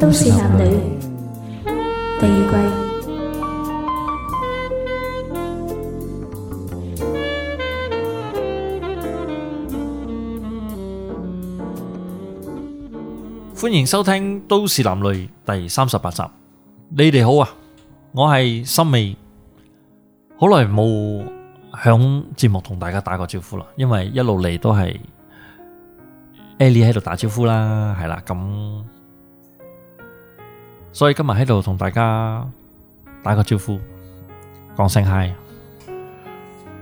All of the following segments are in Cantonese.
都市男女第二季，歡迎收聽《都市男女》第三十八集。你哋好啊，我係森美，好耐冇響節目同大家打過招呼啦，因為一路嚟都係 Ellie 喺度打招呼啦，係啦咁。所以今日喺度同大家打個招呼，講聲嗨。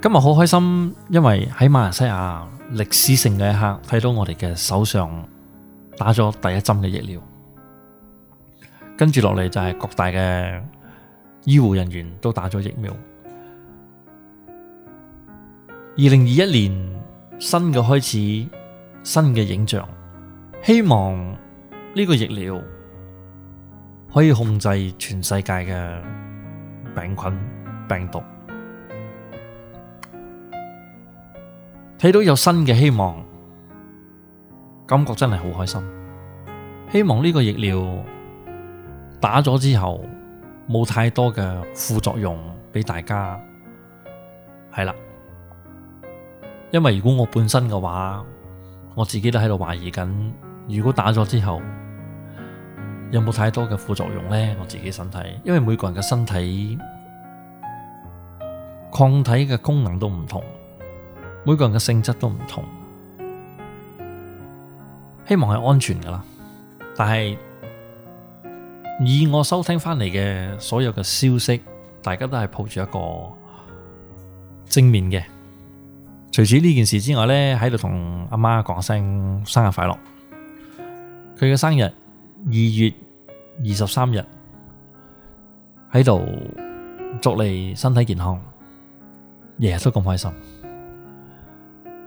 今日好開心，因為喺馬來西亞歷史性嘅一刻，睇到我哋嘅首相打咗第一針嘅疫苗。跟住落嚟就係各大嘅醫護人員都打咗疫苗。二零二一年新嘅開始，新嘅影像，希望呢個疫苗，可以控制全世界嘅病菌病毒，睇到有新嘅希望，感覺真係好開心。希望呢個疫苗打咗之後，冇太多嘅副作用俾大家。係啦，因為如果我本身嘅話，我自己都喺度懷疑緊，如果打咗之後。有冇太多嘅副作用咧？我自己身體，因為每個人嘅身體抗體嘅功能都唔同，每個人嘅性質都唔同，希望係安全噶啦。但係以我收聽翻嚟嘅所有嘅消息，大家都係抱住一個正面嘅。除咗呢件事之外咧，喺度同阿媽講聲生日快樂。佢嘅生日。二月二十三日，喺度祝你身體健康，日日都咁開心。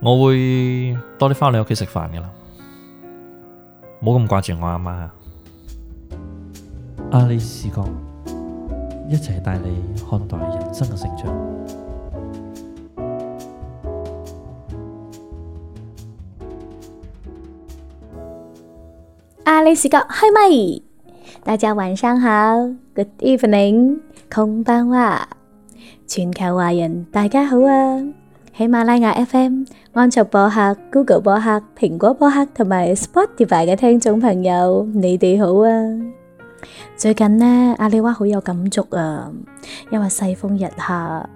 我會多啲翻嚟屋企食飯㗎喇，冇咁掛住我阿媽。阿里士哥，一齊帶你看待人生嘅成長。你時刻開咪？大家晚上好，Good evening，空班話，全球華人大家好啊！喜馬拉雅 FM、安卓播客、Google 播客、蘋果播客同埋 Spotify 嘅聽眾朋友，你哋好啊！最近呢，阿里話好有感觸啊，因為世風日下，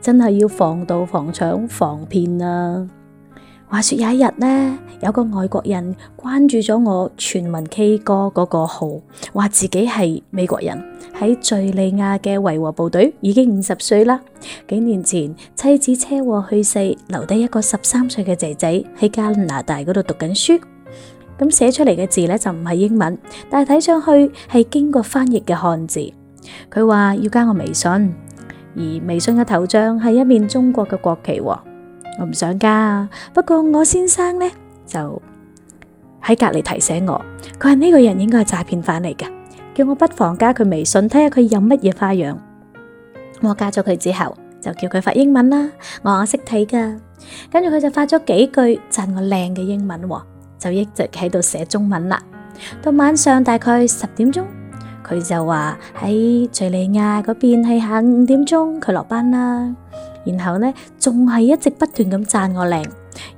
真係要防盜、防搶、防騙啊！話說有一日呢，有個外國人關注咗我全民 K 歌嗰個號，話自己係美國人，喺敘利亞嘅維和部隊，已經五十歲啦。幾年前妻子車禍去世，留低一個十三歲嘅仔仔喺加拿大嗰度讀緊書。咁寫出嚟嘅字呢就唔係英文，但係睇上去係經過翻譯嘅漢字。佢話要加我微信，而微信嘅頭像係一面中國嘅國旗喎。我唔想加，不過我先生咧，就喺隔籬提醒我，佢話呢個人應該係詐騙犯嚟嘅，叫我不妨加佢微信睇下佢有乜嘢花樣。我加咗佢之後，就叫佢發英文啦，我識睇噶。跟住佢就發咗幾句讚我靚嘅英文，就一直喺度寫中文啦。到晚上大概十點鐘，佢就話喺敘利亞嗰邊係下午五點鐘佢落班啦。然後呢，仲係一直不斷咁讚我靚，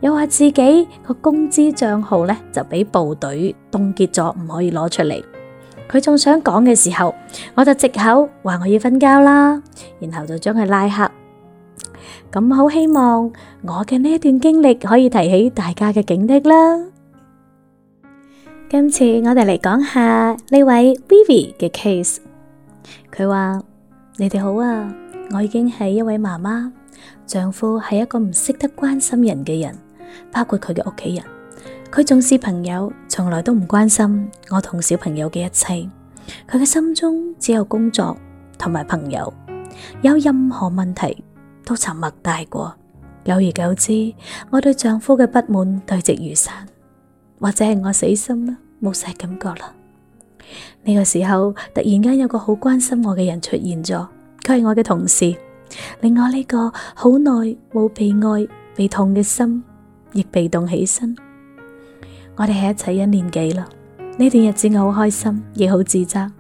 又話自己個工資賬號呢，就俾部隊凍結咗，唔可以攞出嚟。佢仲想講嘅時候，我就藉口話我要瞓覺啦，然後就將佢拉黑。咁好希望我嘅呢一段經歷可以提起大家嘅警惕啦。今次我哋嚟講下呢位 Vivi 嘅 case，佢話你哋好啊。我已經係一位媽媽，丈夫係一個唔識得關心人嘅人，包括佢嘅屋企人。佢重視朋友，從來都唔關心我同小朋友嘅一切。佢嘅心中只有工作同埋朋友，有任何問題都沉默大過。久而久之，我對丈夫嘅不滿堆積如山，或者係我死心啦，冇晒感覺啦。呢、這個時候，突然間有個好關心我嘅人出現咗。佢係我嘅同事，令我呢個好耐冇被愛、被痛嘅心亦被動起身。我哋喺一齊一年幾啦。呢段日子我好開心，亦好自責，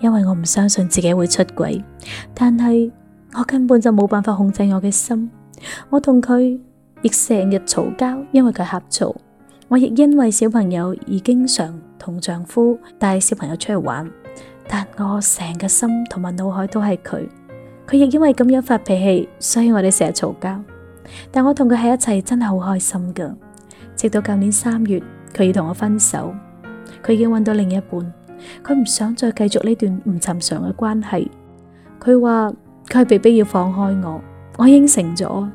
因為我唔相信自己會出軌，但係我根本就冇辦法控制我嘅心。我同佢亦成日嘈交，因為佢呷醋。我亦因為小朋友而經常同丈夫帶小朋友出去玩，但我成個心同埋腦海都係佢。佢亦因為咁樣發脾氣，所以我哋成日嘈交。但我同佢喺一齊真係好開心噶。直到舊年三月，佢要同我分手，佢已經搵到另一半，佢唔想再繼續呢段唔尋常嘅關係。佢話佢係被逼要放開我，我應承咗。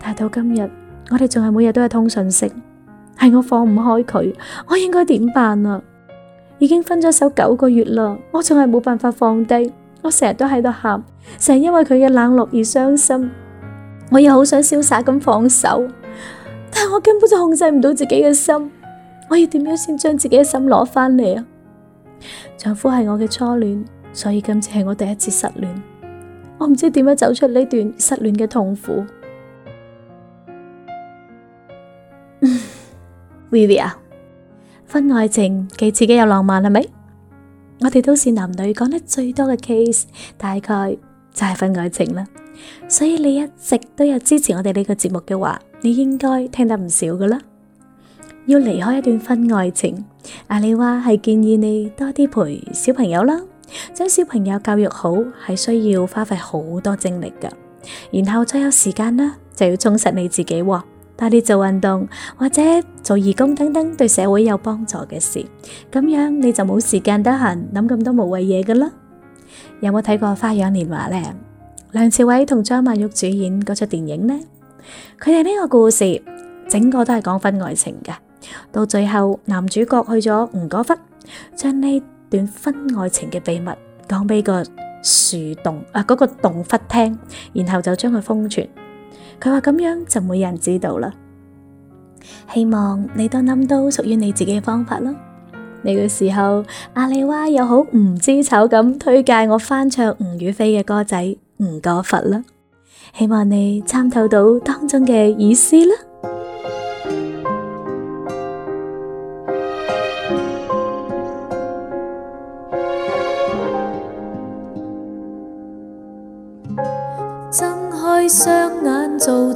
但係到今日，我哋仲係每日都係通訊息，係我放唔開佢，我應該點辦啊？已經分咗手九個月啦，我仲係冇辦法放低。我成日都喺度喊，成日因為佢嘅冷落而傷心。我又好想瀟灑咁放手，但我根本就控制唔到自己嘅心。我要點樣先將自己嘅心攞翻嚟啊？丈夫係我嘅初戀，所以今次係我第一次失戀。我唔知點樣走出呢段失戀嘅痛苦。Vivian 啊，婚外情既刺激又浪漫，係咪？我哋都市男女講得最多嘅 case，大概就係婚外情啦。所以你一直都有支持我哋呢個節目嘅話，你應該聽得唔少噶啦。要離開一段婚外情，阿、啊、你話係建議你多啲陪小朋友啦，將小朋友教育好係需要花費好多精力噶。然後再有時間啦，就要充實你自己。帶啲做運動，或者做義工、等等，對社會有幫助嘅事，咁樣你就冇時間得閒諗咁多無謂嘢㗎啦。有冇睇過《花樣年華》咧？梁朝偉同張曼玉主演嗰出電影咧，佢哋呢個故事整個都係講婚外情㗎，到最後男主角去咗吳哥窟，將呢段婚外情嘅秘密講俾個樹洞啊、嗰、呃那個洞窟聽，然後就將佢封存。佢話咁樣就冇人知道啦，希望你都諗到屬於你自己嘅方法啦。呢個時候，阿里娃又好唔知醜咁推介我翻唱吳雨霏嘅歌仔《吳過佛》啦，希望你參透到當中嘅意思啦。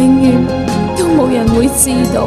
永遠都冇人會知道。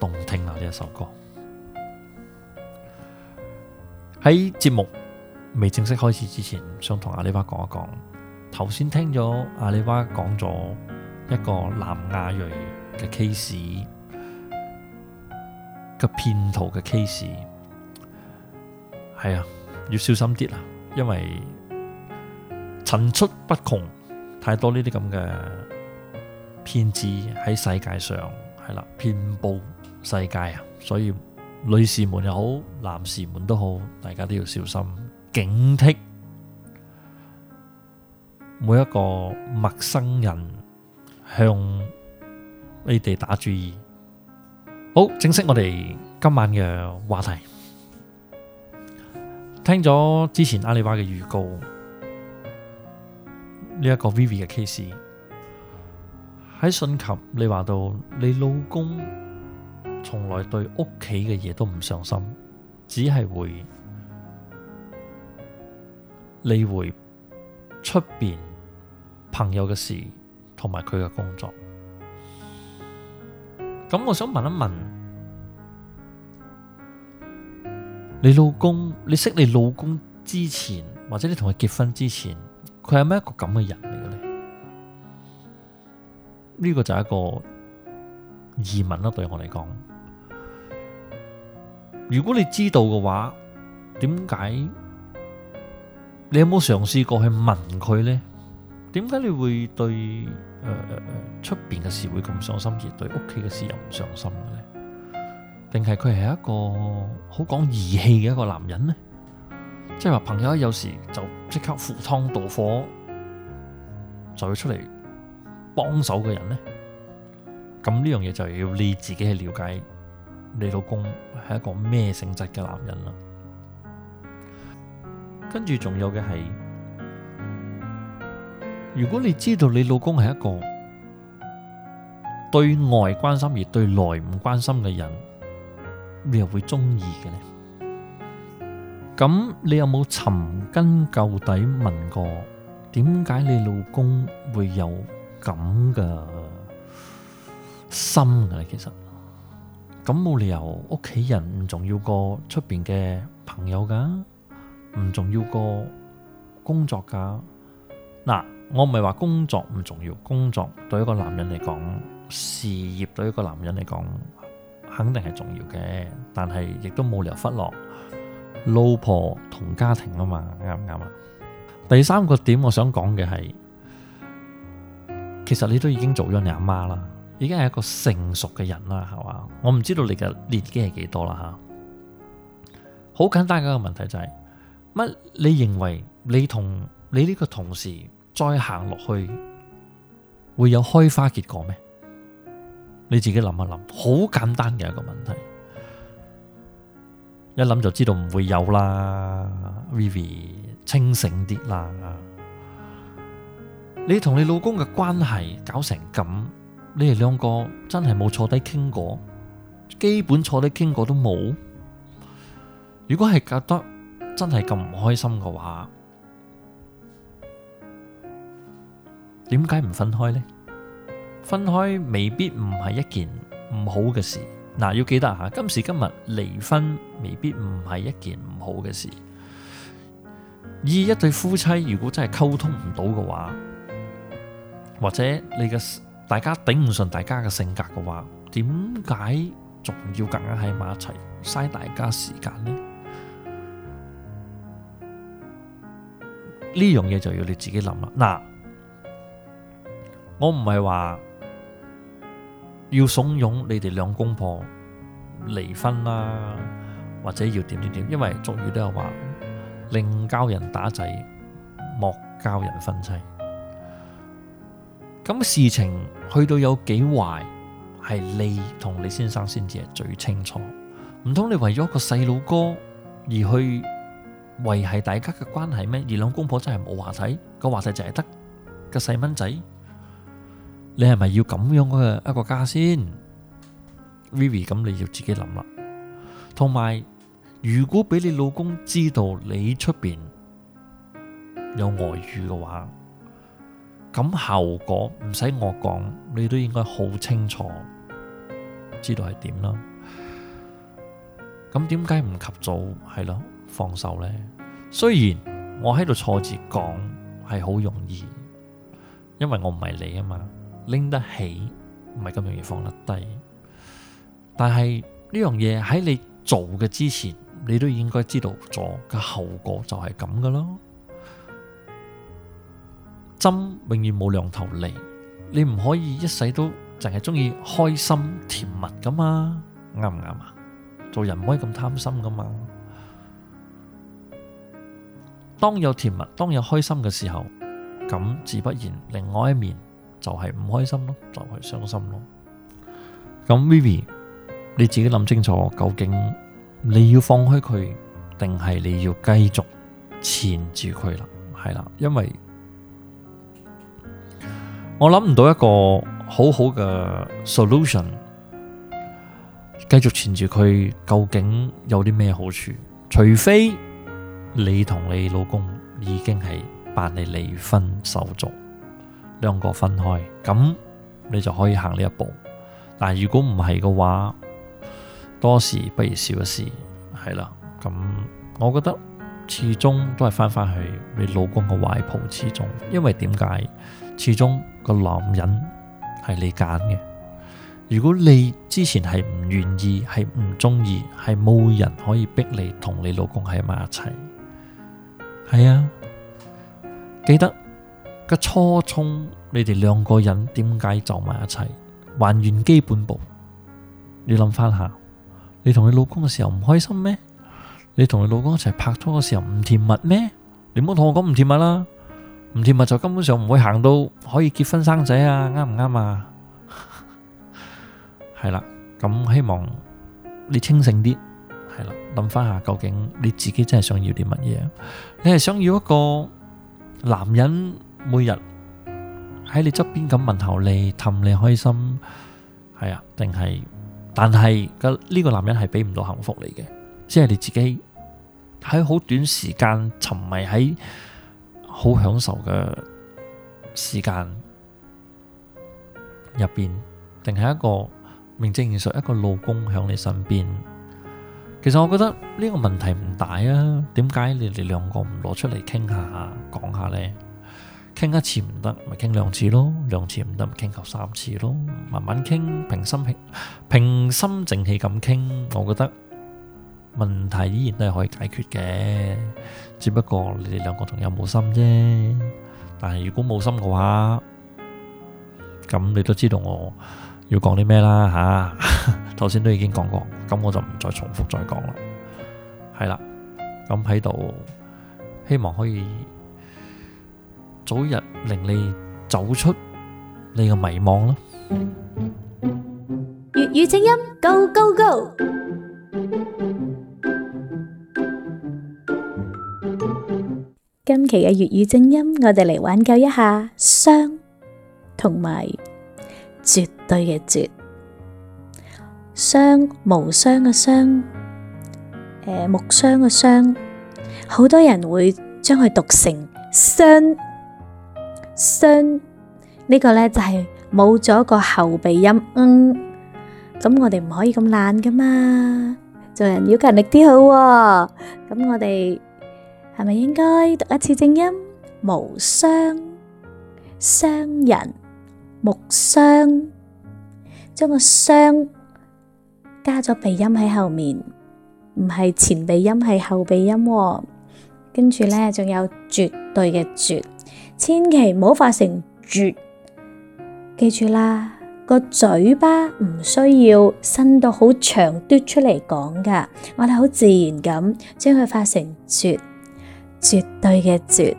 動聽啦！呢一首歌喺節目未正式開始之前，想同阿里巴講一講。頭先聽咗阿里巴講咗一個南亞裔嘅 case，個騙徒嘅 case，係啊，要小心啲啦，因為層出不窮，太多呢啲咁嘅騙子喺世界上係啦，遍布、啊，世界啊，所以女士們又好，男士們都好，大家都要小心警惕，每一個陌生人向你哋打主意。好，正式我哋今晚嘅話題，聽咗之前阿里巴嘅預告，呢一個 Vivi 嘅 case 喺信及，你話到你老公。從來對屋企嘅嘢都唔上心，只係會理會出邊朋友嘅事同埋佢嘅工作。咁我想問一問你老公，你識你老公之前，或者你同佢結婚之前，佢係咩一個咁嘅人嚟嘅呢？呢、這個就係一個。移民咯，對我嚟講，如果你知道嘅話，點解你有冇嘗試過去問佢呢？點解你會對誒出邊嘅事會咁上心，而對屋企嘅事又唔上心嘅呢？定係佢係一個好講義氣嘅一個男人呢？即係話朋友有時就即刻赴湯蹈火，就要出嚟幫手嘅人呢？咁呢樣嘢就要你自己去了解你老公係一個咩性質嘅男人啦。跟住仲有嘅係，如果你知道你老公係一個對外關心而對內唔關心嘅人，你又會中意嘅呢？咁你有冇尋根究底問過點解你老公會有咁嘅心噶啦，其實咁冇理由屋企人唔重要過出邊嘅朋友噶，唔重要過工作噶。嗱，我唔係話工作唔重要，工作對一個男人嚟講，事業對一個男人嚟講，肯定係重要嘅。但係亦都冇理由忽略老婆同家庭啊嘛，啱唔啱啊？第三個點我想講嘅係，其實你都已經做咗你阿媽啦。已經係一個成熟嘅人啦，係嘛？我唔知道你嘅年紀係幾多啦吓。好簡單嘅一個問題就係乜？你認為你同你呢個同事再行落去會有開花結果咩？你自己諗一諗，好簡單嘅一個問題，一諗就知道唔會有啦。Vivi，清醒啲啦！你同你老公嘅關係搞成咁。你哋兩個真係冇坐低傾過，基本坐低傾過都冇。如果係覺得真係咁唔開心嘅話，點解唔分開呢？分開未必唔係一件唔好嘅事。嗱、呃，要記得下今時今日離婚未必唔係一件唔好嘅事。以一對夫妻如果真係溝通唔到嘅話，或者你嘅。大家頂唔順大家嘅性格嘅話，點解仲要夾硬喺埋一齊，嘥大家時間呢？呢樣嘢就要你自己諗啦。嗱，我唔係話要慫恿你哋兩公婆離婚啦，或者要點點點，因為俗語都有話：寧教人打仔，莫教人分妻。咁事情去到有幾壞，係你同你先生先至係最清楚。唔通你為咗一個細佬哥而去維繫大家嘅關係咩？而兩公婆真係冇話題，個話題就係得個細蚊仔。你係咪要咁樣嘅一個家先？Vivi，咁你要自己諗啦。同埋，如果俾你老公知道你出邊有外遇嘅話，咁後果唔使我講，你都應該好清楚，知道係點啦。咁點解唔及早係咯放手呢？雖然我喺度錯字講係好容易，因為我唔係你啊嘛，拎得起唔係咁容易放得低。但係呢樣嘢喺你做嘅之前，你都應該知道咗嘅後果就係咁噶咯。針永遠冇兩頭脷，你唔可以一世都淨係中意開心甜蜜噶嘛？啱唔啱啊？做人唔可以咁貪心噶嘛？當有甜蜜，當有開心嘅時候，咁自不然另外一面就係唔開心咯，就係傷心咯。咁 Vivi，你自己諗清楚，究竟你要放開佢，定係你要繼續纏住佢啦？係啦，因為。我諗唔到一個好好嘅 solution，繼續纏住佢，究竟有啲咩好處？除非你同你老公已經係辦理離婚手續，兩個分開，咁你就可以行呢一步。但如果唔係嘅話，多事不如少一事，係啦。咁我覺得始終都係翻翻去你老公嘅懷抱，始終，因為點解？始終個男人係你揀嘅。如果你之前係唔願意、係唔中意、係冇人可以逼你同你老公喺埋一齊，係啊。記得個初衷，你哋兩個人點解就埋一齊？還原基本步，你諗翻下，你同你老公嘅時候唔開心咩？你同你老公一齊拍拖嘅時候唔甜蜜咩？你唔好同我講唔甜蜜啦。唔甜蜜就根本上唔會行到可以結婚生仔啊，啱唔啱啊？係啦，咁希望你清醒啲，係啦，諗翻下究竟你自己真係想要啲乜嘢？你係想要一個男人每日喺你側邊咁問候你、氹你開心，係啊？定係？但係個呢個男人係俾唔到幸福嚟嘅，即係你自己喺好短時間沉迷喺。好享受嘅時間入邊，定係一個名正言順一個老公喺你身邊。其實我覺得呢個問題唔大啊。點解你哋兩個唔攞出嚟傾下講下呢？傾一次唔得，咪傾兩次咯；兩次唔得，咪傾夠三次咯。慢慢傾，平心平平心靜氣咁傾，我覺得。問題依然都係可以解決嘅，只不過你哋兩個仲有冇心啫？但係如果冇心嘅話，咁你都知道我要講啲咩啦吓。頭、啊、先 都已經講過，咁我就唔再重複再講啦。係啦，咁喺度，希望可以早日令你走出你個迷茫啦。粵語聲音，Go Go Go！今期嘅粵語正音，我哋嚟挽救一下“傷”同埋絕對嘅「絕」，傷無傷嘅“傷”，誒木傷嘅“傷”，好多人會將佢讀成“傷”，傷呢個咧就係冇咗個後鼻音嗯，咁我哋唔可以咁懶噶嘛，做人要勤力啲好喎，咁我哋。係咪應該讀一次正音？無雙傷，傷人，木傷，將個雙加咗鼻音喺後面，唔係前鼻音，係後鼻音。跟住咧，仲有絕對嘅絕，千祈唔好發成絕。記住啦，個嘴巴唔需要伸到好長，嘟出嚟講噶。我哋好自然咁將佢發成絕。絕對嘅絕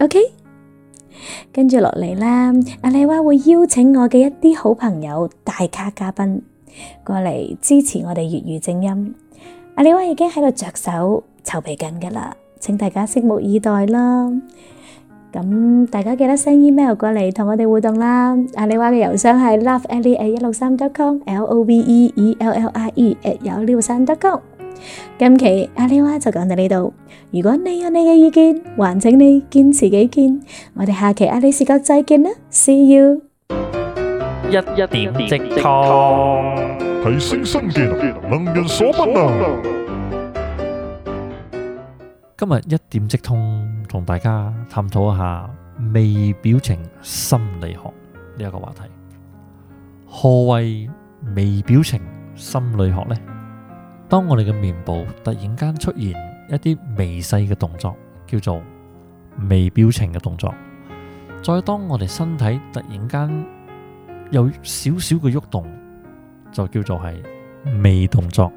，OK，跟住落嚟啦，阿李娃會邀請我嘅一啲好朋友大咖嘉賓過嚟支持我哋粵語正音，阿李娃已經喺度着手籌備緊噶啦，請大家拭目以待啦。咁大家記得 send email 過嚟同我哋互動啦。阿李娃嘅郵箱係 l o v e l l i @幺六三 .com，L O V E E L L I E@ 幺六三 .com。今期阿尼娃就講到呢度。如果你有你嘅意見，還請你堅持己見。我哋下期阿尼視角再見啦，See you。一一點即通，提升心技能，能人所不能。今日一點即通，同大家探討一下微表情心理學呢一個話題。何謂微表情心理學呢？當我哋嘅面部突然間出現一啲微細嘅動作，叫做微表情嘅動作；再當我哋身體突然間有少少嘅喐動，就叫做係微動作。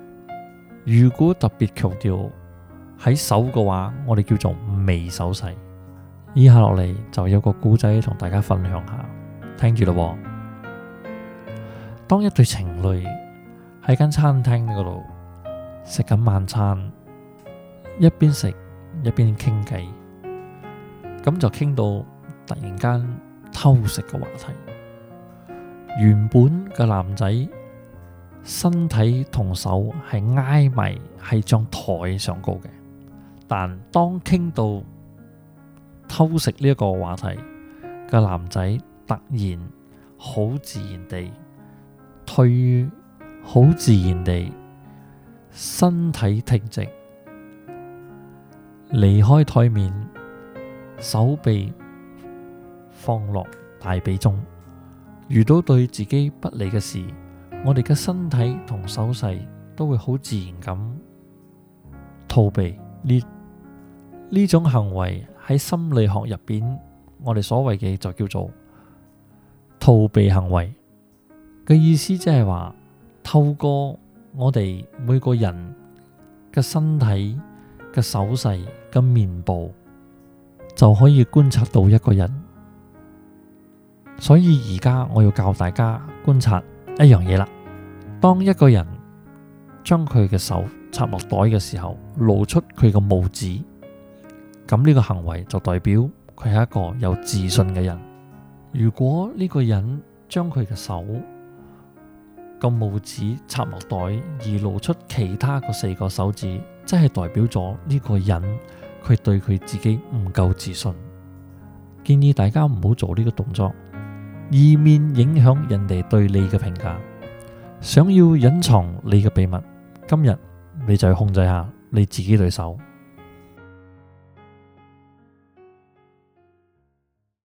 如果特別強調喺手嘅話，我哋叫做微手勢。以下落嚟就有個古仔同大家分享下，聽住咯。當一對情侶喺間餐廳嗰度。食緊晚餐，一邊食一邊傾偈，咁就傾到突然間偷食嘅話題。原本個男仔身體同手係挨埋，係張台上高嘅，但當傾到偷食呢一個話題，個男仔突然好自然地退，好自然地。身體停直，離開台面，手臂放落大髀中。遇到對自己不利嘅事，我哋嘅身體同手勢都會好自然咁逃避。呢呢種行為喺心理學入邊，我哋所謂嘅就叫做逃避行為嘅意思，即係話透過。我哋每個人嘅身體、嘅手勢、嘅面部就可以觀察到一個人。所以而家我要教大家觀察一樣嘢啦。當一個人將佢嘅手插落袋嘅時候，露出佢個拇指，咁呢個行為就代表佢係一個有自信嘅人。如果呢個人將佢嘅手，個拇指插落袋而露出其他個四個手指，即係代表咗呢個人佢對佢自己唔夠自信。建議大家唔好做呢個動作，以免影響人哋對你嘅評價。想要隱藏你嘅秘密，今日你就去控制下你自己對手。